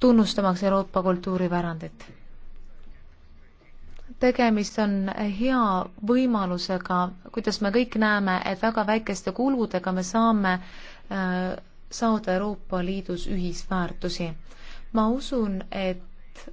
tunnustamaks Euroopa kultuuripärandit. tegemist on hea võimalusega, kuidas me kõik näeme, et väga väikeste kuludega me saame äh, saada Euroopa Liidus ühisväärtusi. ma usun, et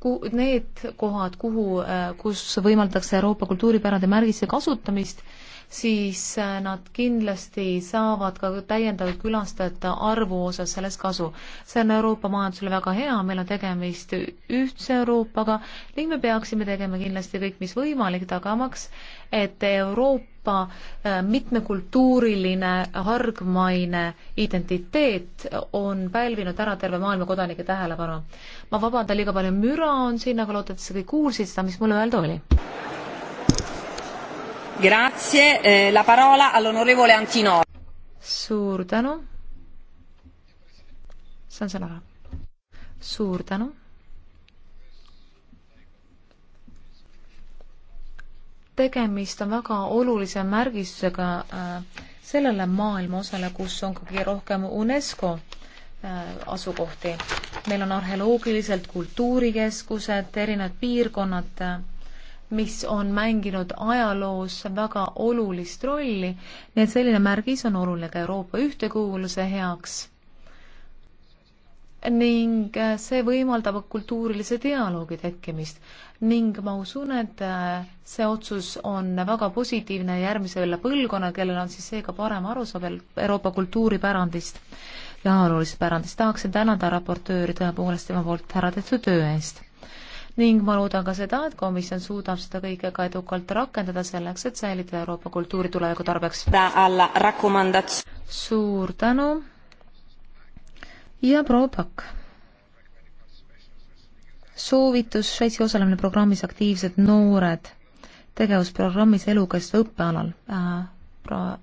ku-, need kohad, kuhu, äh, kus võimaldatakse Euroopa kultuuripärandi märgise kasutamist, siis äh, nad kindlasti saavad ka täiendavat külastajate arvu osas sellest kasu. see on Euroopa majandusele väga hea, meil on tegemist ühtse Euroopaga ning me peaksime tegema kindlasti kõik, mis võimalik, tagamaks, et Euroopa äh, mitmekultuuriline hargmaine identiteet on pälvinud ära terve maailma kodanike tähelepanu. ma vabandan, liiga palju müra on siin, aga loodetavasti kõik kuulsid seda, mis mul öelda oli. Grazie, eh, la parola all'onorevole Antinor. suur tänu. see on sõna. suur tänu. tegemist on väga olulise märgistusega äh, sellele maailma osale, kus on kõige rohkem UNESCO äh, asukohti. meil on arheoloogiliselt kultuurikeskused, erinevad piirkonnad äh, mis on mänginud ajaloos väga olulist rolli, nii et selline märgis on oluline ka Euroopa ühtekuuluvuse heaks. ning äh, see võimaldab kultuurilise dialoogi tekkimist ning ma usun, et äh, see otsus on väga positiivne järgmisele põlvkonnale, kellel on siis seega parem arusaam Euroopa kultuuripärandist ja ajaloolisest pärandist. tahaksin tänada raportööri tõepoolest tema poolt ära tehtud töö eest ning ma loodan ka seda, et komisjon suudab seda kõike ka edukalt rakendada selleks, et säilitada Euroopa kultuuri tuleviku tarbeks. suur tänu ja proua Pakk. soovitus Šveitsi osalemine programmis Aktiivsed noored tegevusprogrammis elukestva õppe alal äh,. proua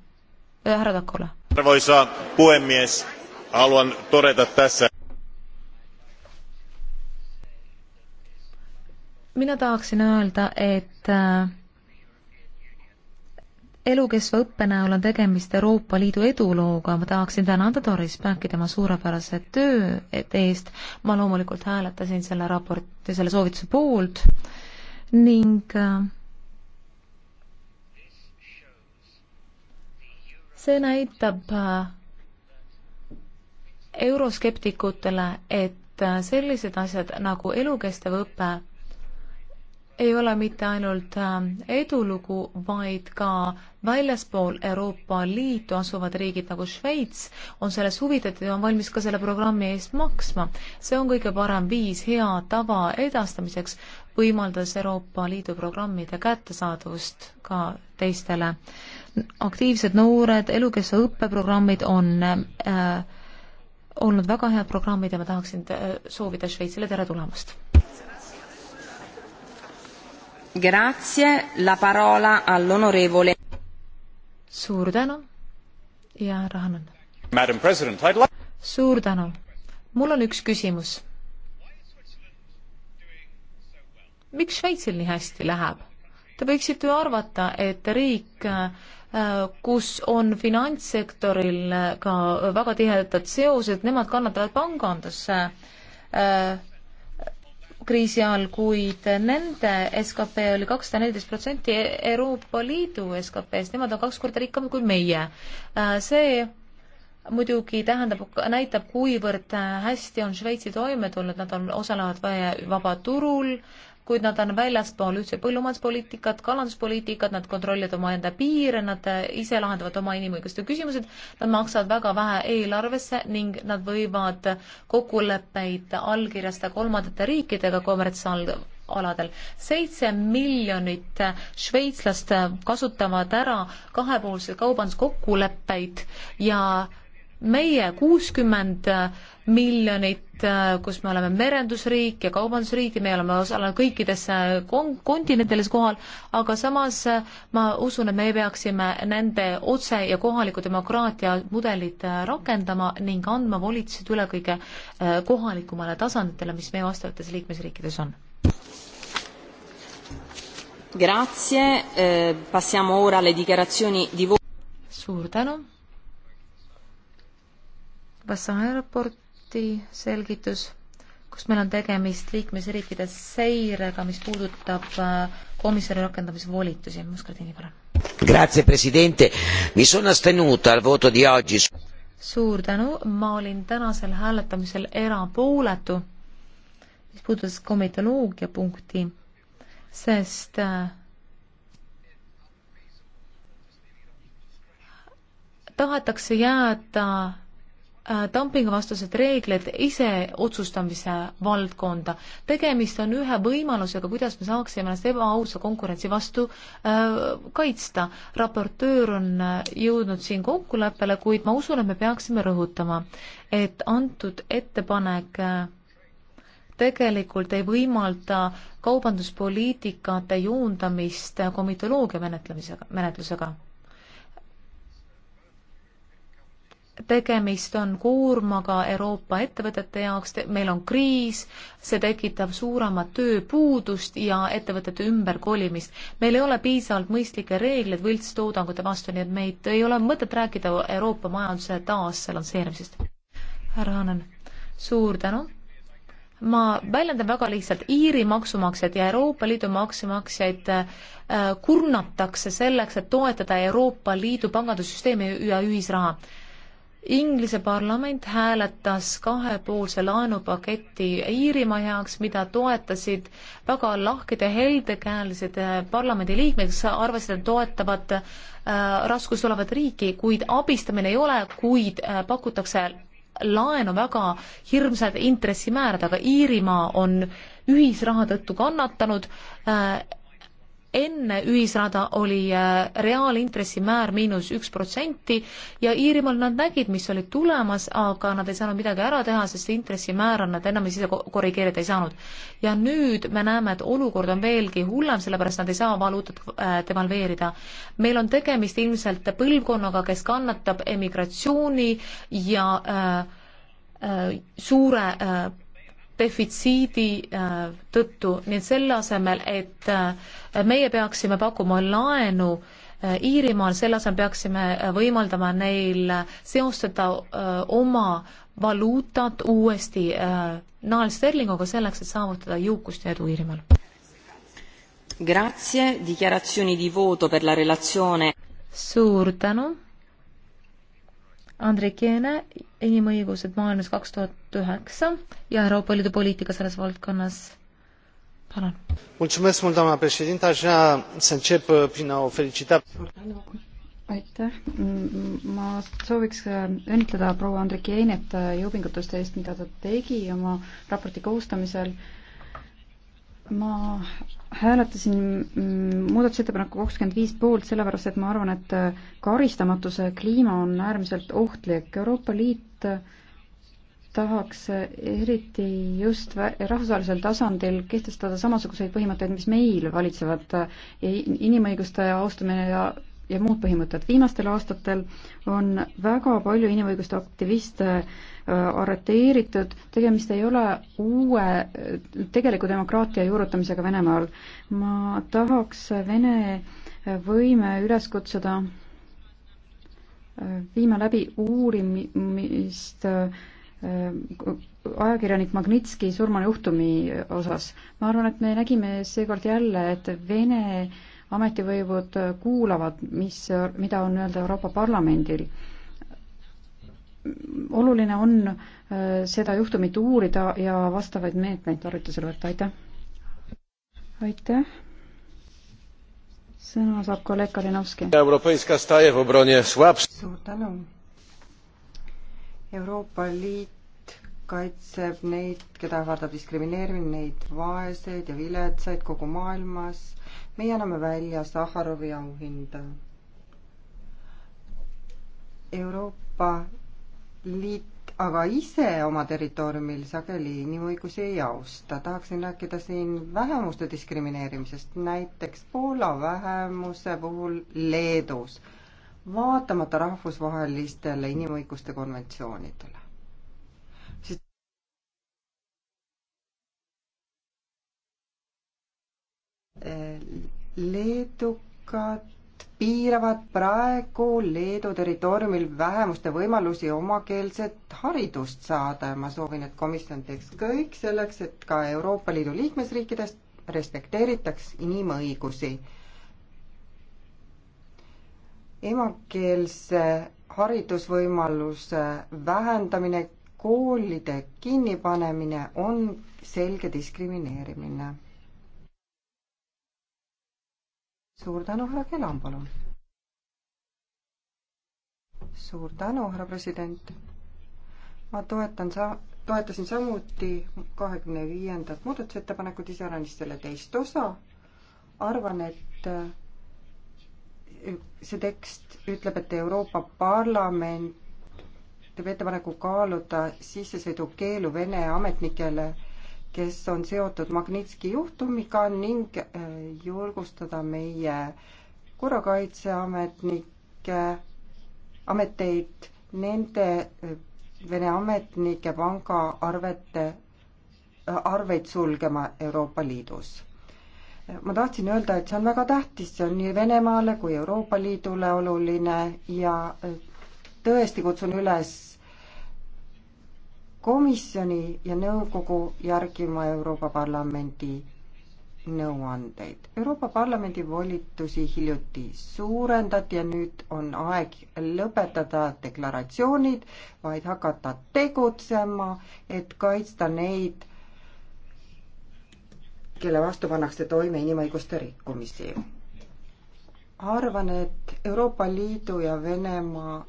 äh,, härra Takola. arvoisa puhemies, haluan todeta tässä mina tahaksin öelda, et äh, elukestva õppe näol on tegemist Euroopa Liidu edulooga, ma tahaksin tänada Doris Päkki tema suurepärase töö eest, ma loomulikult hääletasin selle raporti, selle soovituse poolt ning äh, see näitab äh, euroskeptikutele, et sellised asjad nagu elukestev õpe ei ole mitte ainult ähm, edulugu, vaid ka väljaspool Euroopa Liitu asuvad riigid nagu Šveits on selles huvitatud ja on valmis ka selle programmi eest maksma. see on kõige parem viis hea tava edastamiseks, võimaldades Euroopa Liidu programmide kättesaadavust ka teistele. aktiivsed noored, elukestva õppeprogrammid on äh, olnud väga head programmid ja ma tahaksin äh, soovida Šveitsile tere tulemast Grazie, la parola all'onorevole. suur tänu ja härra Hannan. Like... suur tänu. mul on üks küsimus. miks Šveitsil nii hästi läheb? Te võiksite ju arvata, et riik, äh, kus on finantssektoril äh, ka väga tihedad seosed, nemad kannatavad panganduse äh, kriisi ajal, kuid nende skp oli kakssada neliteist protsenti Euroopa Liidu SKP-st, nemad on kaks korda rikkamad kui meie. Äh, see muidugi tähendab, näitab, kuivõrd hästi on Šveitsi toime tulnud, nad on, osalevad vabaturul, kuid nad on väljaspool ühtse põllumajanduspoliitikat, kalanduspoliitikat, nad kontrollivad omaenda piire, nad äh, ise lahendavad oma inimõiguste küsimused, nad maksavad väga vähe eelarvesse ning nad võivad kokkuleppeid allkirjastada kolmandate riikidega kommertsaladel. seitse miljonit šveitslast kasutavad ära kahepoolseid kaubanduskokkuleppeid ja meie kuuskümmend äh, miljonit, äh, kus me oleme merendusriik ja kaubandusriik ja me oleme osalenud kõikides äh, kon-, kontinentides kohal, aga samas ma usun, et me peaksime nende otse- ja kohaliku demokraatia mudelid rakendama ning andma volitused üle kõige kohalikumale tasanditele, mis meie vastavates liikmesriikides on. Grazie, eh, passiamo ora alle dichiarazioni di vo-. suur tänu Vassan raporti selgitus, kus meil on tegemist liikmesriikide seirega, mis puudutab äh, komisjoni rakendamisvolitusi. Muscardini, palun. Grazie, presidente. Mi sono astenuta al voto di oggi. suur tänu, ma olin tänasel hääletamisel erapooletu, mis puudutas komitoloogia punkti, sest äh, tahetakse jääda Äh, dumpinguvastased reeglid ise otsustamise valdkonda. tegemist on ühe võimalusega, kuidas me saaksime ennast ebaausa konkurentsi vastu äh, kaitsta. raportöör on äh, jõudnud siin kokkuleppele, kuid ma usun, et me peaksime rõhutama, et antud ettepanek äh, tegelikult ei võimalda kaubanduspoliitikate juundamist komitoloogia menetlemisega, menetlusega tegemist on koormaga Euroopa ettevõtete jaoks, meil on kriis, see tekitab suuremat tööpuudust ja ettevõtete ümberkolimist. meil ei ole piisavalt mõistlikke reegleid võltstoodangute vastu, nii et meid ei ole mõtet rääkida Euroopa majanduse taaslanseerimisest. härra Hanen, suur tänu! ma väljendan väga lihtsalt, Iiri maksumaksjad ja Euroopa Liidu maksumaksjaid äh, kurnatakse selleks, et toetada Euroopa Liidu pangandussüsteemi ja ühisraha Inglise parlament hääletas kahepoolse laenupaketi Iirimaa heaks, mida toetasid väga lahked ja heldekäelised eh, parlamendiliikmed, kes arvasid, et toetavad äh, eh, raskus olevat riiki, kuid abistamine ei ole, kuid äh, pakutakse laenu väga hirmsad intressimäärad, aga Iirimaa on ühisraha tõttu kannatanud äh, enne ühisrada oli äh, reaalintressimäär miinus üks protsenti ja Iirimaal nad nägid, mis oli tulemas, aga nad ei saanud midagi ära teha, sest intressimäära nad enam ise korrigeerida ei saanud. ja nüüd me näeme, et olukord on veelgi hullem, sellepärast nad ei saa valuutat äh, devalveerida. meil on tegemist ilmselt põlvkonnaga, kes kannatab emigratsiooni ja äh, äh, suure äh, defitsiidi äh, tõttu, nii et selle asemel, et äh, meie peaksime pakkuma laenu äh, Iirimaal, selle asemel peaksime võimaldama neil seostada oma valuutat uuesti naelsterlinguga selleks, et saavutada jõukust ja edu Iirimaal. Grazie, dichiarazioni di voto per la relazione. suur tänu Andrei Keene, inimõigused maailmas kaks tuhat üheksa ja Euroopa Liidu poliitika selles valdkonnas. palun. Uh, aitäh, mm, ma sooviks uh, õnnitleda proua Andrei Keenet uh, jõupingutuste eest, mida ta tegi oma raporti koostamisel ma hääletasin mm, muudatusettepaneku kakskümmend viis poolt, sellepärast et ma arvan, et äh, karistamatuse kliima on äärmiselt ohtlik. Euroopa Liit äh, tahaks äh, eriti just rahvusvahelisel tasandil kehtestada samasuguseid põhimõtteid, mis meil valitsevad, inimõiguste austamine ja ja muud põhimõtted. viimastel aastatel on väga palju inimõiguste aktiviste äh, arreteeritud, tegemist ei ole uue äh, tegeliku demokraatia juurutamisega Venemaal. ma tahaks Vene võime üles kutsuda äh, viima läbi uurimist ajakirjanik Magnitski surmajuhtumi osas. ma arvan, et me nägime seekord jälle, et Vene äh, ametivõivud kuulavad, mis, mida on öelda Euroopa Parlamendil. oluline on äh, seda juhtumit uurida ja vastavaid meetmeid tarvitusele võtta, aitäh! aitäh! sõna saab kolleeg Kalinovski. suur tänu! Euroopa Liit kaitseb neid, keda ähvardab diskrimineerimine, neid vaeseid ja viletsaid kogu maailmas. meie anname välja Sahharovi auhinda. Euroopa Liit aga ise oma territooriumil sageli inimõigusi ei austa. tahaksin rääkida siin vähemuste diskrimineerimisest, näiteks Poola vähemuse puhul Leedus, vaatamata rahvusvahelistele inimõiguste konventsioonidele leedukad piiravad praegu Leedu territooriumil vähemuste võimalusi omakeelset haridust saada ja ma soovin, et komisjon teeks kõik selleks, et ka Euroopa Liidu liikmesriikidest respekteeritaks inimõigusi. emakeelse haridusvõimaluse vähendamine, koolide kinnipanemine on selge diskrimineerimine suur tänu, härra Kelam, palun. suur tänu, härra president. ma toetan sa-, toetasin samuti kahekümne viiendat muudatusettepanekut, iseäranis selle teist osa. arvan, et äh, see tekst ütleb, et Euroopa Parlament teeb ettepaneku kaaluda sissesõidukeelu Vene ametnikele kes on seotud Magnitski juhtumiga ning äh, julgustada meie korrakaitseametnike ameteid nende äh, Vene ametnike pangaarvete, äh, arveid sulgema Euroopa Liidus. ma tahtsin öelda, et see on väga tähtis, see on nii Venemaale kui Euroopa Liidule oluline ja tõesti kutsun üles komisjoni ja nõukogu järgima Euroopa Parlamendi nõuandeid. Euroopa Parlamendi volitusi hiljuti suurendati ja nüüd on aeg lõpetada deklaratsioonid, vaid hakata tegutsema, et kaitsta neid, kelle vastu pannakse toime inimõiguste rikkumisi. arvan, et Euroopa Liidu ja Venemaa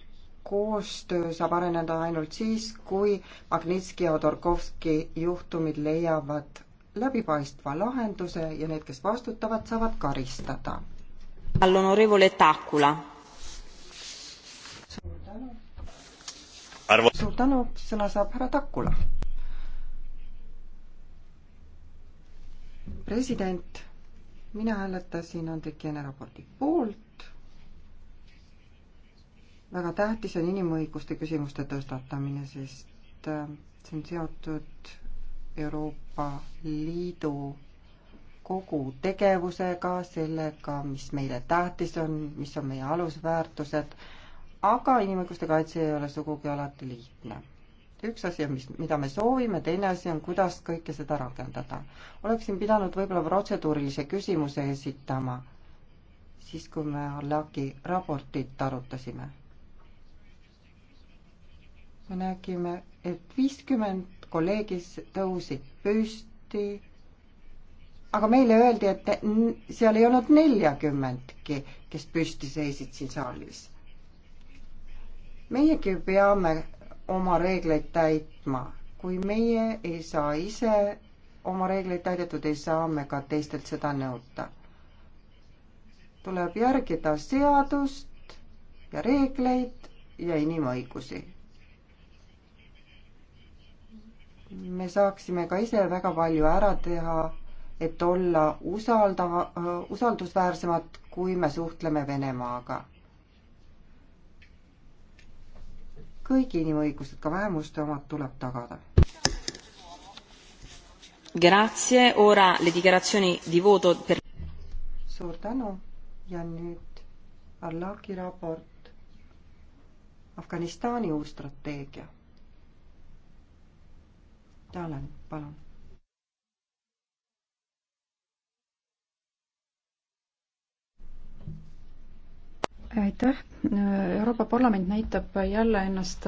koostöö saab areneda ainult siis, kui Magnitski ja Odorkovski juhtumid leiavad läbipaistva lahenduse ja need, kes vastutavad, saavad karistada. Arvo... suur tänu, sõna saab härra Takula. president, mina hääletasin Andrik Jene raporti poolt, väga tähtis on inimõiguste küsimuste tõstatamine, sest äh, see on seotud Euroopa Liidu kogu tegevusega, sellega, mis meile tähtis on, mis on meie alusväärtused, aga inimõiguste kaitse ei ole sugugi alati lihtne. üks asi on, mis, mida me soovime, teine asi on, kuidas kõike seda rakendada. oleksin pidanud võib-olla protseduurilise küsimuse esitama siis, kui me Arlaki raportit arutasime me nägime, et viiskümmend kolleegi tõusid püsti, aga meile öeldi, et seal ei olnud neljakümmentki, kes püsti seisid siin saalis. meiegi peame oma reegleid täitma, kui meie ei saa ise oma reegleid täidetud, ei saa me ka teistelt seda nõuda. tuleb järgida seadust ja reegleid ja inimõigusi me saaksime ka ise väga palju ära teha, et olla usaldava, usaldusväärsemad, kui me suhtleme Venemaaga. kõik inimõigused, ka vähemuste omad, tuleb tagada. Grazie, ora le dichiarazioni di voto per suur tänu ja nüüd Allaki raport Afganistani uus strateegia Talen, palun. aitäh, Euroopa Parlament näitab jälle ennast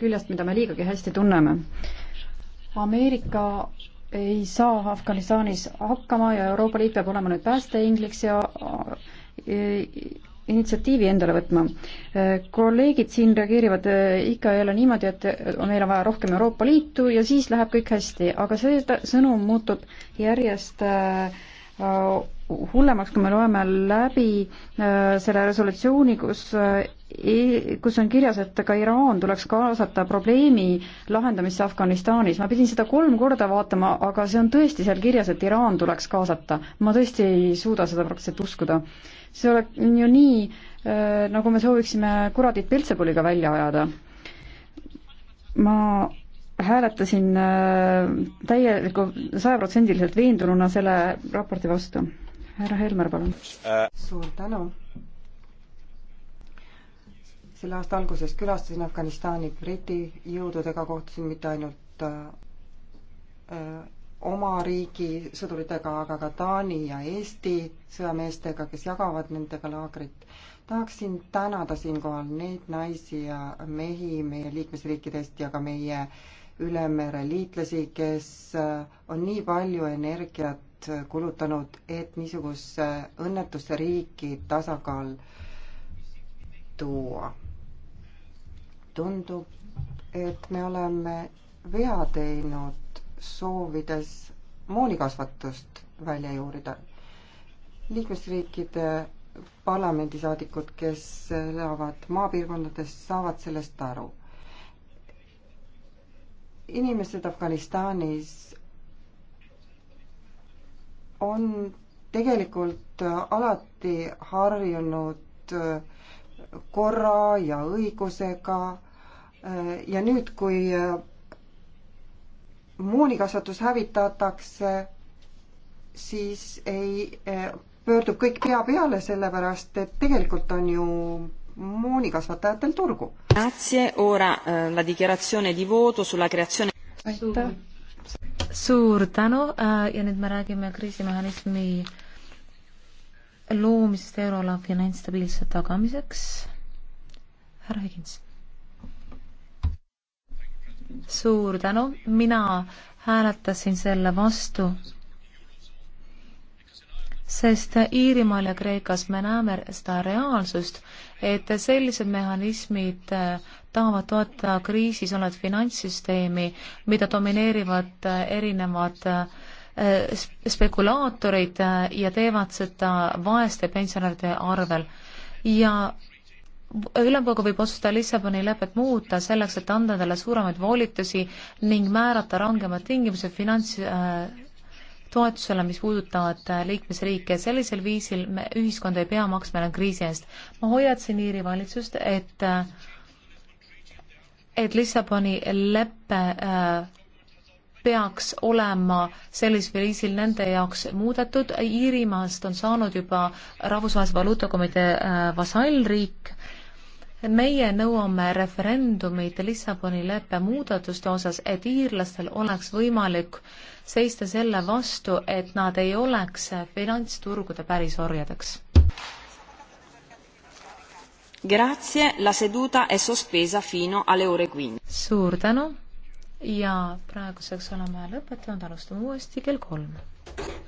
küljest, mida me liigagi hästi tunneme. Ameerika ei saa Afganistanis hakkama ja Euroopa Liit peab olema nüüd päästeingliks ja initsiatiivi endale võtma. kolleegid siin reageerivad eh, ikka ja jälle niimoodi, et meil on vaja rohkem Euroopa Liitu ja siis läheb kõik hästi, aga see sõnum muutub järjest eh, hullemaks, kui me loeme läbi eh, selle resolutsiooni, kus e-, kus on kirjas, et ka Iraan tuleks kaasata probleemi lahendamisse Afganistanis. ma pidin seda kolm korda vaatama, aga see on tõesti seal kirjas, et Iraan tuleks kaasata. ma tõesti ei suuda seda praktiliselt uskuda see oleks ju nii, äh, nagu me sooviksime kuradid Peltsebuliga välja ajada. ma hääletasin äh, täieliku, sajaprotsendiliselt veendununa selle raporti vastu. härra Helmer, palun äh.. suur tänu. selle aasta alguses külastasin Afganistani Briti jõududega, kohtusin mitte ainult äh, äh oma riigi sõduritega, aga ka Taani ja Eesti sõjameestega, kes jagavad nendega laagrit. tahaksin tänada siinkohal neid naisi ja mehi meie liikmesriikidest ja ka meie ülemere liitlasi, kes äh, on nii palju energiat kulutanud, et niisugusesse õnnetusse riiki tasakaal tuua. tundub, et me oleme vea teinud soovides moonikasvatust välja juurida. liikmesriikide parlamendisaadikud, kes elavad maapiirkondades, saavad sellest aru. inimesed Afganistanis on tegelikult alati harjunud korra ja õigusega ja nüüd, kui moonikasvatus hävitatakse, siis ei, eh, pöördub kõik pea peale, sellepärast et tegelikult on ju moonikasvatajatel turgu. Eh, aitäh. suur tänu eh, ja nüüd me räägime kriisimehhanismi loomisest euroala finantsstabiilsuse tagamiseks. härra Higins suur tänu, mina hääletasin selle vastu, sest Iirimaal ja Kreekas me näeme seda reaalsust, et sellised mehhanismid tahavad toetada kriisis olevat finantssüsteemi, mida domineerivad erinevad äh, spekulaatorid äh, ja teevad seda vaeste pensionäride arvel. ja ülemkogu võib otsustada Lissaboni lepet muuta selleks, et anda talle suuremaid voolitusi ning määrata rangemad tingimused finants äh, toetusele, mis puudutavad äh, liikmesriike. sellisel viisil me, ühiskond ei pea maksma enam kriisi eest. ma hoiatasin Iiri valitsust, et äh, et Lissaboni leppe äh, peaks olema sellisel viisil nende jaoks muudetud. Iirimaast on saanud juba Rahvusvahelise Valuutakomitee äh, vasallriik meie nõuame referendumit Lissaboni leppe muudatuste osas, et iirlastel oleks võimalik seista selle vastu, et nad ei oleks finantsturgude pärisorjadeks. Grazie, la seduta è sospesa fino alle ore quindici. suur tänu ja praeguseks oleme lõpetanud, alustame uuesti kell kolm.